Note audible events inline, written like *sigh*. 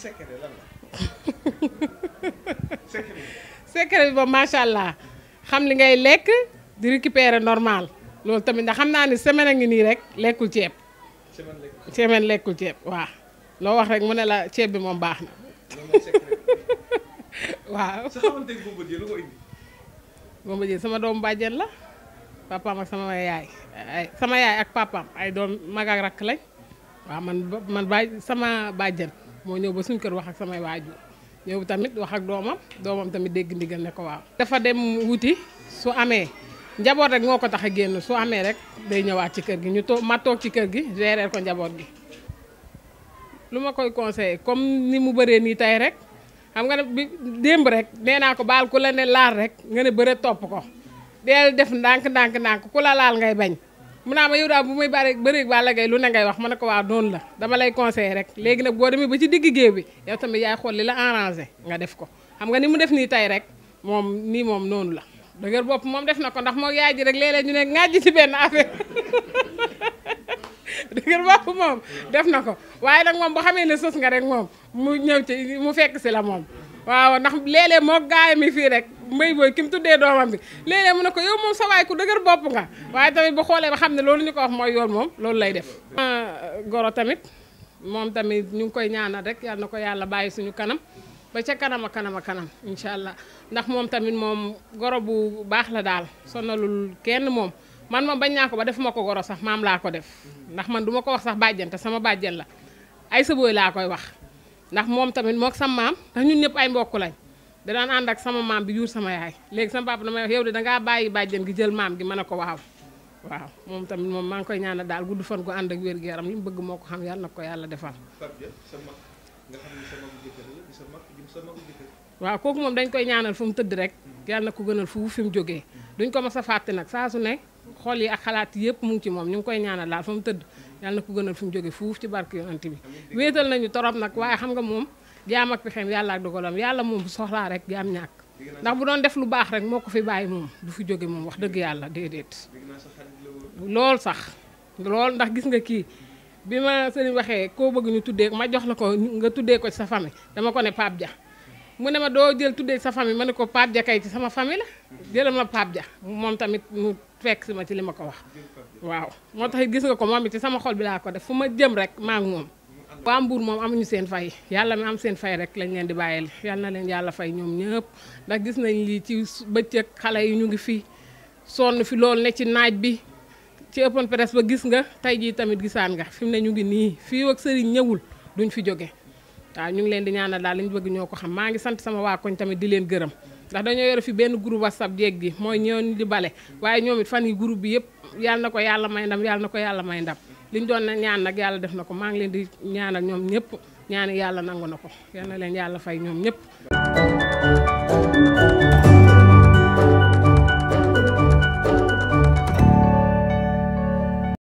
secret lan la *laughs* secret bi secret bi ba macha allah xam li ngay di récupérer normal loolu tamit da xam naa ne semaine ngi ni rek lekul ciép. semaine lekul ciép, wa. Lo wax rek mune la ciép bi moom baax na *laughs* waaw Bombardier sama dom bàjjen la Papa ak sama yaay ay sama yaay ak papa ay dom mag ak lañ Wa man man baaj sama bàjjen moo ñëw ba suñ kër wax ak samay waaju ñëw tamit wax ak doomam doomam tamit dégg ndigal ne ko waaw. dafa dem wuti su amee njaboot rek moo ko tax a génn su amee rek day ñëwaat ci kër gi ñu toog ma toog ci kër gi gérer ko njaboot gi. lu ma koy conseillé comme ni mu bëree nii tey rek xam nga ne bi démb rek nee naa ko baal ku la ne laar rek nga ne bëre topp ko deel def ndànk ndànk ndànk ku la laal ngay bañ. mun naa ma yow daal bu may bare bëreeg Balla Gaye lu ne ngay wax ma ne ko waa noonu la dama lay conseillé rek léegi nag boo demee ba ci digg géew bi yow tamit yaay xool li la arrangé nga def ko xam nga ni mu def nii tey rek moom nii moom noonu la dëgër bopp moom def na ko ndax moo yaay rek léeg ñu ne ŋàjj ci benn affaire *laughs* dëgër bopp moom def na ko waaye nag moom bu xamee ne sos nga rek moom mu ñëw ci mu fekk si la moom waaw ndax léeg moo gaay mi fii rek mbay booy ki tuddee doomam bi léeg-léeg mu ne ko yow moom sa waay ku dëgër bopp nga waaye tamit bu xoolee ba xam ne loolu ñu ko wax yoon moom loolu lay def goro tamit moom tamit ñu ngi koy ñaanal rek yal na ko yàlla bàyyi suñu kanam ba ca kanam a kanam a allah ndax moom tamit moom goro bu baax la daal sonalul kenn moom man ma bañ naa ko ba defuma ko goro sax maam laa ko def ndax man duma ko wax sax bàjjante sama bàjjen la ay sa booy laa koy wax ndax moom tamit moo sama maam ndax ñun ñëpp ay mbokk lañ da daan ànd ak sama maam bi yuur sama yaay léegi sama papa damay yow de dangaa bàyyi bàjjen gi jël maam gi mën a ko waaw waaw moom tamit moom maa ngi koy ñaanal daal gudd fan gu ànd ak wér gu yaram mu bëgg moo ko xam yàlla ko yàlla defal. waaw kooku moom dañ koy ñaanal fu mu tëdd rek yàlla ko gënal fu fi mu jógee duñ ko mas a fàtte nag saa su xool yi ak xalaat yëpp mu ngi ci moom ñu ngi koy ñaanal daal fu tëdd yàlla na ko gënal fu mu jógee fuuf ci wéetal nañu torop nag waaye xam nga moom jaam ak pexeem yàlla ak dogalam yàlla moom soxlaa rek jaam ñàkk ndax bu doon def lu baax rek moo ko fi bàyyi moom du fi jóge moom wax dëgg yàlla déedéet lool sax lool ndax gis nga kii bi ma sëriñ waxee koo bëgg ñu tuddee ma jox la ko nga tuddee ko sa famille dama ko ne Pape Dia mu ne ma doo jël tuddee ci sa famille ma ne ko Pape Dia kay sama famille la jëlal ma Pape Dia moom tamit mu fekk si ma ci li ma ko wax waaw moo tax gis nga ko moom it ci sama xol bi laa ko def fu ma jëm rek maa ngi moom waa Mbour moom amuñu seen fay yalla mi am seen fay rek lañ leen di bayel yalla na leen yalla fay ñom ñepp ndax gis nañ li ci bëccëg xalé yi ñu ngi fi sonn fi lool ne ci naaj bi ci open press ba gis nga tay ji tamit gisaan nga fi ne ñu ngi ni fi wak sëriñ ñewul duñ fi joggé wa ñu ngi leen di ñaanal daal li ñu bëgg ñoko xam ma ngi sant sama wa koñ tamit di leen gëreem ndax dañoo yore fi benn groupe whatsapp jeeg gi mooy ñoon di bale waye ñoomit fan yi groupe bi yépp yalla nako ko may ndam yalla nako ko may ndam liñ doon na ñaan nag yàlla def na ko maa ngi leen di ñaanal ñoom ñëpp ñaani yàlla nangu na ko yal na leen yàlla fay ñoom ñëpp